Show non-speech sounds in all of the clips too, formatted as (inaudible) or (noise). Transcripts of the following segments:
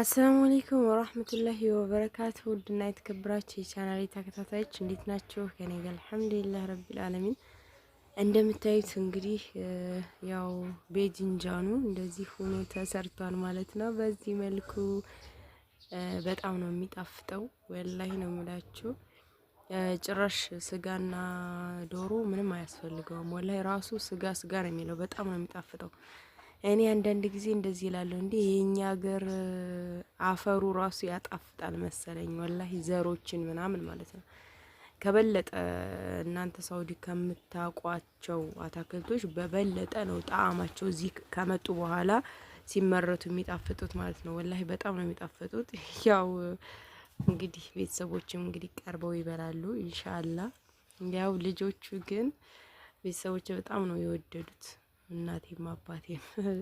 አሰላሙ አለይኩም ወራህመቱላሂ ወበረካቱ ውድና የተከበራችሁ የቻናሌ ተከታታዮች እንዴት ናችሁ? ከኔ ጋር አልሐምዱሊላህ ረቢል ዓለሚን። እንደምታዩት እንግዲህ ያው ቤጅንጃኑ እንደዚህ ሆኖ ተሰርቷል ማለት ነው። በዚህ መልኩ በጣም ነው የሚጣፍጠው፣ ወላሂ ነው የምላችሁ። ጭራሽ ስጋና ዶሮ ምንም አያስፈልገውም። ወላሂ ራሱ ስጋ ስጋ ነው የሚለው፣ በጣም ነው የሚጣፍጠው። እኔ አንዳንድ ጊዜ እንደዚህ ይላለሁ እንዴ የኛ ሀገር አፈሩ ራሱ ያጣፍጣል መሰለኝ፣ ወላሂ ዘሮችን ምናምን ማለት ነው። ከበለጠ እናንተ ሳውዲ ከምታቋቸው አታክልቶች በበለጠ ነው ጣዕማቸው እዚህ ከመጡ በኋላ ሲመረቱ የሚጣፍጡት ማለት ነው። ወላሂ በጣም ነው የሚጣፍጡት። (laughs) ያው እንግዲህ ቤተሰቦችም እንግዲህ ቀርበው ይበላሉ ኢንሻአላህ። ያው ልጆቹ ግን ቤተሰቦች በጣም ነው የወደዱት። እናቴም አባቴም (laughs)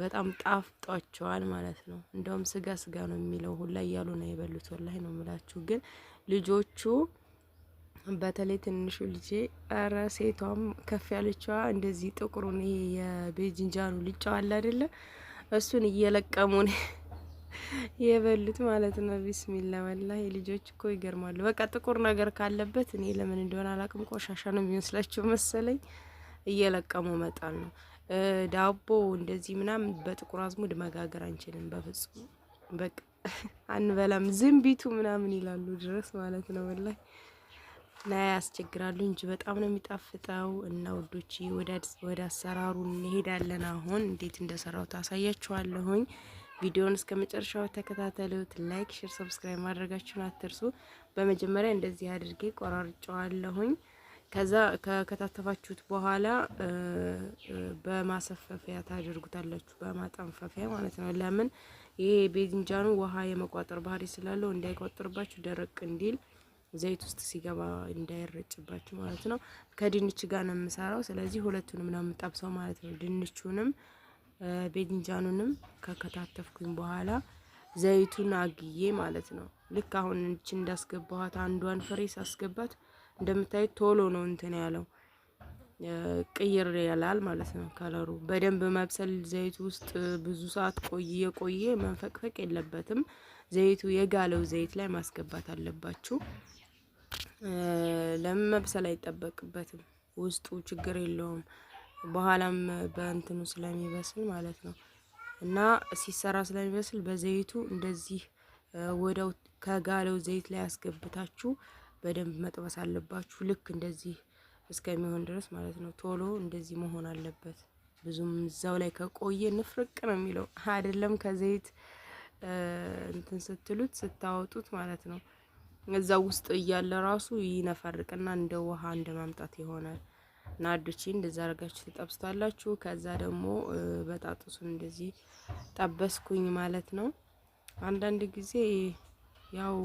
በጣም ጣፍጧቸዋል ማለት ነው። እንደውም ስጋ ስጋ ነው የሚለው ሁላ እያሉ ነው የበሉት። ወላይ ነው የምላችሁ። ግን ልጆቹ በተለይ ትንሹ ልጄ ኧረ ሴቷም ከፍ ያለችዋ እንደዚህ ጥቁሩን ይሄ የቤጅንጃኑ ልጫው አለ አይደለ? እሱን እየለቀሙ ነው (laughs) የበሉት ማለት ነው። ቢስሚላ ወላሂ ልጆች እኮ ይገርማሉ። በቃ ጥቁር ነገር ካለበት እኔ ለምን እንደሆነ አላቅም ቆሻሻ ነው የሚመስላቸው መሰለኝ። እየለቀሙ መጣል ነው። ዳቦ እንደዚህ ምናምን በጥቁር አዝሙድ መጋገር አንችልም በፍጹም በቃ (laughs) አንበላም። ዝንቢቱ ምናምን ይላሉ ድረስ ማለት ነው ወላሂ ና ያስቸግራሉ እንጂ በጣም ነው የሚጣፍጠው። እና ውዶች ወደ አሰራሩ እንሄዳለን። አሁን እንዴት እንደሰራው ታሳያችኋለሁኝ። ቪዲዮውን እስከ መጨረሻው ተከታተሉት። ላይክ፣ ሼር፣ ሰብስክራይብ ማድረጋችሁን አትርሱ። በመጀመሪያ እንደዚህ አድርጌ ቆራርጨዋለሁኝ። ከዛ ከከታተፋችሁት በኋላ በማሰፈፊያ ታደርጉታላችሁ፣ በማጠንፈፊያ ማለት ነው። ለምን ይሄ ቤዝንጃኑ ውሃ የመቋጠር ባህሪ ስላለው እንዳይቋጥርባችሁ፣ ደረቅ እንዲል ዘይት ውስጥ ሲገባ እንዳይረጭባችሁ ማለት ነው። ከድንች ጋር ነው የምሰራው። ስለዚህ ሁለቱንም ነው የምጠብሰው ማለት ነው። ድንቹንም ቤዝንጃኑንም ከከታተፍኩኝ በኋላ ዘይቱን አግዬ ማለት ነው። ልክ አሁን እንዳስገባኋት አንዷን ፍሬ ሳስገባት እንደምታዩት ቶሎ ነው እንትን ያለው ቅይር ያላል ማለት ነው። ከለሩ በደንብ መብሰል ዘይቱ ውስጥ ብዙ ሰዓት ቆይ የቆየ መንፈቅፈቅ የለበትም። ዘይቱ የጋለው ዘይት ላይ ማስገባት አለባችሁ። ለምን መብሰል አይጠበቅበትም። ውስጡ ችግር የለውም። በኋላም በእንትኑ ስለሚበስል ማለት ነው እና ሲሰራ ስለሚበስል በዘይቱ እንደዚህ ወደው ከጋለው ዘይት ላይ ያስገብታችሁ በደንብ መጥበስ አለባችሁ። ልክ እንደዚህ እስከሚሆን ድረስ ማለት ነው። ቶሎ እንደዚህ መሆን አለበት። ብዙም እዛው ላይ ከቆየ ንፍርቅ ነው የሚለው (laughs) አይደለም። ከዘይት እንትን ስትሉት ስታወጡት ማለት ነው። እዛ ውስጥ እያለ ራሱ ይነፈርቅና እንደ ውሃ እንደ ማምጣት ይሆናል። ናዶቼ እንደዛ አድርጋችሁ ትጠብስታላችሁ። ከዛ ደግሞ በጣጥሱን እንደዚህ ጠበስኩኝ ማለት ነው። አንዳንድ ጊዜ ያው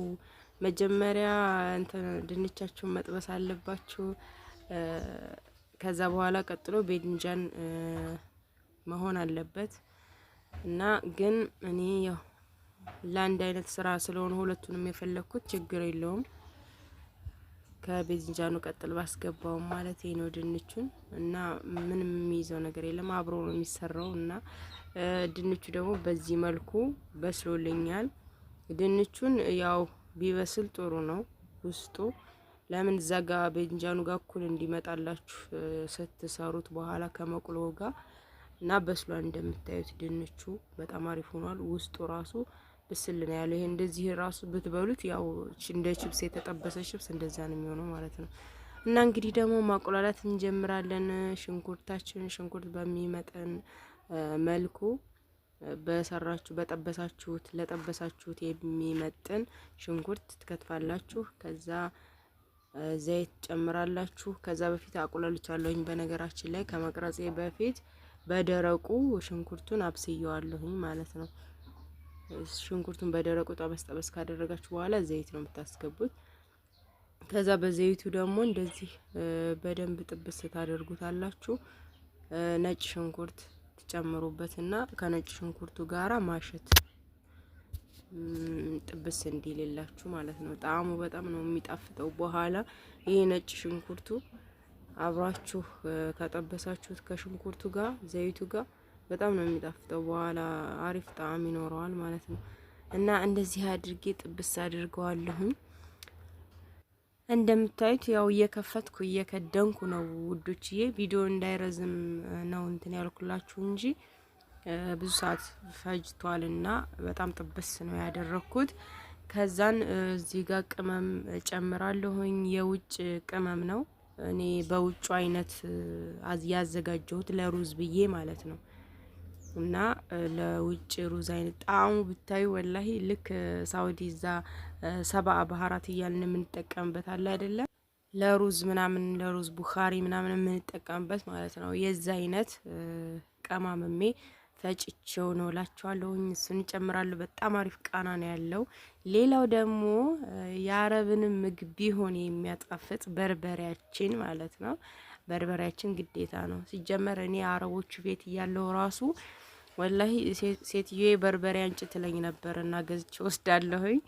መጀመሪያ እንትን ድንቻችሁን መጥበስ አለባችሁ። ከዛ በኋላ ቀጥሎ ቤድንጃን መሆን አለበት እና ግን እኔ ያው ለአንድ አይነት ስራ ስለሆነ ሁለቱንም የፈለግኩት ችግር የለውም። ከቤዝንጃኑ ቀጥል ባስገባው ማለት ነው ድንቹን እና ምንም የሚይዘው ነገር የለም አብሮ ነው የሚሰራው። እና ድንቹ ደግሞ በዚህ መልኩ በስሎልኛል። ድንቹን ያው ቢበስል ጥሩ ነው ውስጡ። ለምን እዛ ጋ በእንጀኑ ጋር እኩል እንዲመጣላችሁ ስትሰሩት በኋላ ከመቁሎ ጋር እና በስሏን እንደምታዩት ድንቹ በጣም አሪፍ ሆኗል። ውስጡ ራሱ ብስል ነው ያለው። ይሄ እንደዚህ ራሱ ብትበሉት ያው እንደ ችብስ የተጠበሰ ችብስ እንደዛ ነው የሚሆነው ማለት ነው። እና እንግዲህ ደግሞ ማቆላላት እንጀምራለን። ሽንኩርታችን ሽንኩርት በሚመጠን መልኩ በሰራችሁ በጠበሳችሁት ለጠበሳችሁት የሚመጥን ሽንኩርት ትከትፋላችሁ። ከዛ ዘይት ጨምራላችሁ። ከዛ በፊት አቁላልቻለሁኝ። በነገራችን ላይ ከመቅረጼ በፊት በደረቁ ሽንኩርቱን አብስየዋለሁኝ ማለት ነው። ሽንኩርቱን በደረቁ ጠበስ ጠበስ ካደረጋችሁ በኋላ ዘይት ነው የምታስገቡት። ከዛ በዘይቱ ደግሞ እንደዚህ በደንብ ጥብስ ታደርጉታላችሁ። ነጭ ሽንኩርት ጨምሩበትና ከነጭ ሽንኩርቱ ጋራ ማሸት ጥብስ እንዲልላችሁ ማለት ነው። ጣዕሙ በጣም ነው የሚጣፍጠው። በኋላ ይሄ ነጭ ሽንኩርቱ አብራችሁ ከጠበሳችሁት ከሽንኩርቱ ጋር ዘይቱ ጋር በጣም ነው የሚጣፍጠው። በኋላ አሪፍ ጣዕም ይኖረዋል ማለት ነው። እና እንደዚህ አድርጌ ጥብስ አድርገዋለሁኝ። እንደምታዩት ያው እየከፈትኩ እየከደንኩ ነው ውዶችዬ። ቪዲዮ እንዳይረዝም ነው እንትን ያልኩላችሁ እንጂ ብዙ ሰዓት ፈጅቷልና በጣም ጥብስ ነው ያደረኩት። ከዛን እዚህ ጋር ቅመም ጨምራለሁኝ። የውጭ ቅመም ነው እኔ በውጩ አይነት ያዘጋጀሁት ለሩዝ ብዬ ማለት ነው። እና ለውጭ ሩዝ አይነት ጣዕሙ ብታዩ ወላሂ ልክ ሳውዲ እዛ ሰብአ ባህራት እያልን የምንጠቀምበት አለ አይደለም፣ ለሩዝ ምናምን ለሩዝ ቡኻሪ ምናምን የምንጠቀምበት ማለት ነው። የዚ አይነት ቀማምሜ ፈጭቼው ነው ላችኋለሁኝ። እሱን እጨምራለሁ። በጣም አሪፍ ቃና ነው ያለው። ሌላው ደግሞ የአረብን ምግብ ቢሆን የሚያጣፍጥ በርበሬያችን ማለት ነው። በርበሬያችን ግዴታ ነው። ሲጀመር እኔ አረቦቹ ቤት እያለው ራሱ ወላሂ ሴትዮ በርበሬ አንጭ ትለኝ ነበር እና ገዝቼ ወስዳለሁኝ።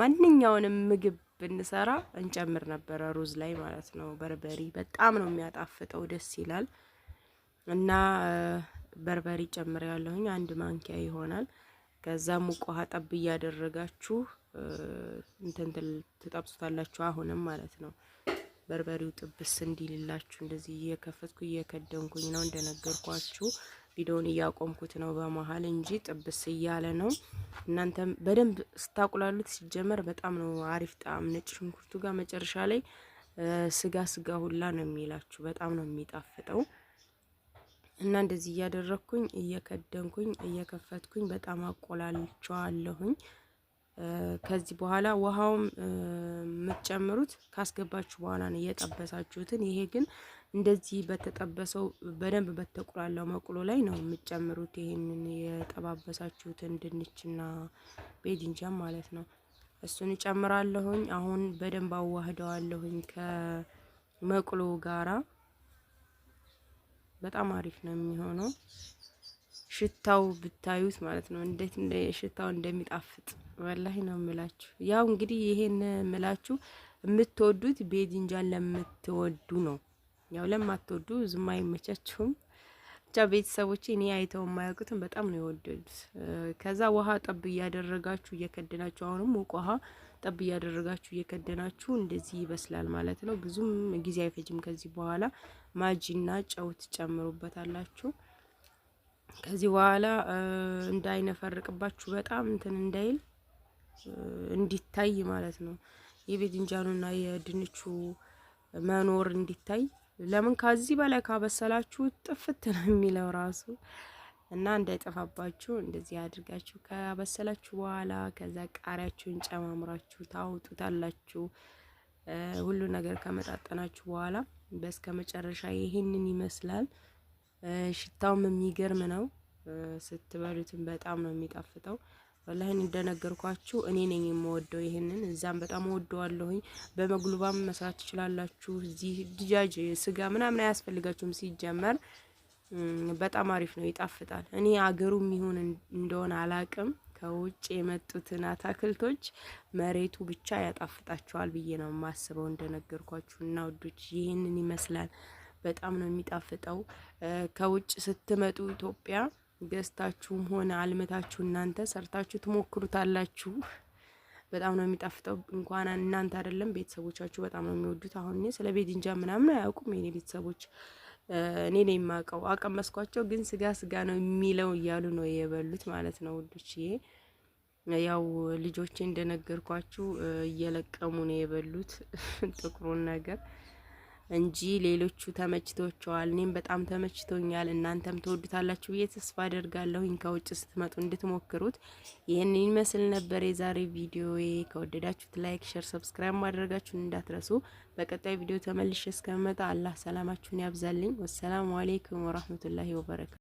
ማንኛውንም ምግብ ብንሰራ እንጨምር ነበረ ሩዝ ላይ ማለት ነው። በርበሪ በጣም ነው የሚያጣፍጠው፣ ደስ ይላል እና በርበሪ ጨምር ያለሁኝ አንድ ማንኪያ ይሆናል። ከዛ ሙቅ ውሃ ጠብ እያደረጋችሁ እንትን ትጠብሱታላችሁ አሁንም ማለት ነው። በርበሬው ጥብስ እንዲልላችሁ እንደዚህ እየከፈትኩ እየከደንኩኝ ነው። እንደነገርኳችሁ ቪዲዮውን እያቆምኩት ነው በመሀል እንጂ ጥብስ እያለ ነው። እናንተም በደንብ ስታቁላሉት ሲጀመር በጣም ነው አሪፍ ጣዕም ነጭ ሽንኩርቱ ጋር መጨረሻ ላይ ስጋ ስጋ ሁላ ነው የሚላችሁ። በጣም ነው የሚጣፍጠው እና እንደዚህ እያደረግኩኝ እየከደንኩኝ እየከፈትኩኝ በጣም አቆላልቸዋለሁኝ። ከዚህ በኋላ ውሃውም የምትጨምሩት ካስገባችሁ በኋላ ነው እየጠበሳችሁትን ይሄ ግን እንደዚህ በተጠበሰው በደንብ በተቁላላው መቁሎ ላይ ነው የምትጨምሩት ይሄንን የጠባበሳችሁትን ድንችና ቤድንጃም ማለት ነው። እሱን እጨምራለሁኝ። አሁን በደንብ አዋህደዋለሁኝ ከመቁሎ ጋራ በጣም አሪፍ ነው የሚሆነው። ሽታው ብታዩት ማለት ነው እንዴት ሽታው እንደሚጣፍጥ ወላሂ ነው ምላችሁ። ያው እንግዲህ ይሄን ምላችሁ የምትወዱት ቤድንጃን ለምትወዱ ነው። ያው ለማትወዱ ዝም አይመቻችሁም። ብቻ ቤተሰቦች እኔ አይተው የማያውቁትን በጣም ነው የወደዱት። ከዛ ውሃ ጠብ እያደረጋችሁ እየከደናችሁ፣ አሁንም ሙቅ ውሃ ጠብ እያደረጋችሁ እየከደናችሁ እንደዚህ ይበስላል ማለት ነው። ብዙም ጊዜ አይፈጅም። ከዚህ በኋላ ማጂና ጨው ትጨምሩበታላችሁ። ከዚህ በኋላ እንዳይነፈርቅባችሁ በጣም እንትን እንዳይል እንዲታይ ማለት ነው። የቤድንጃኑና የድንቹ መኖር እንዲታይ ለምን ከዚህ በላይ ካበሰላችሁ ጥፍት ነው የሚለው ራሱ እና እንዳይጠፋባችሁ እንደዚህ አድርጋችሁ ካበሰላችሁ በኋላ ከዛ ቃሪያችሁን ጨማምራችሁ ታውጡታላችሁ። ሁሉ ነገር ከመጣጠናችሁ በኋላ በስከ መጨረሻ ይሄንን ይመስላል። ሽታውም የሚገርም ነው። ስትበሉትም በጣም ነው የሚጣፍጠው። ወላሂን እንደነገርኳችሁ እኔ ነኝ የምወደው ይሄንን። እዛም በጣም ወደዋለሁኝ። በመግሉባም መስራት ትችላላችሁ። እዚህ ድጃጅ ስጋ ምናምን አያስፈልጋችሁም። ሲጀመር በጣም አሪፍ ነው፣ ይጣፍጣል። እኔ አገሩ የሚሆን እንደሆነ አላቅም ከውጭ የመጡትን አታክልቶች መሬቱ ብቻ ያጣፍጣቸዋል ብዬ ነው የማስበው። እንደነገርኳችሁ እና ውዶች ይህንን ይመስላል። በጣም ነው የሚጣፍጠው። ከውጭ ስትመጡ ኢትዮጵያ ገዝታችሁም ሆነ አልምታችሁ እናንተ ሰርታችሁ ትሞክሩታላችሁ። በጣም ነው የሚጣፍጠው። እንኳን እናንተ አይደለም ቤተሰቦቻችሁ በጣም ነው የሚወዱት። አሁን እኔ ስለ ቤድንጃ ምናምን አያውቁም የኔ ቤተሰቦች፣ እኔ ነው የማውቀው። አቀመስኳቸው ግን ስጋ ስጋ ነው የሚለው እያሉ ነው የበሉት ማለት ነው ውዶች። ያው ልጆቼ እንደነገርኳችሁ እየለቀሙ ነው የበሉት (laughs) ጥቁሩን ነገር እንጂ ሌሎቹ ተመችቶቸዋል። እኔም በጣም ተመችቶኛል። እናንተም ትወዱታላችሁ ብዬ ተስፋ አደርጋለሁኝ። ከውጭ ስትመጡ እንድትሞክሩት። ይህን ይመስል ነበር የዛሬ ቪዲዮ ከወደዳችሁት ላይክ፣ ሸር፣ ሰብስክራይብ ማድረጋችሁን እንዳትረሱ። በቀጣይ ቪዲዮ ተመልሼ እስከመጣ አላህ ሰላማችሁን ያብዛልኝ። ወሰላሙ አሌይኩም ወራህመቱላሂ ወበረካቱ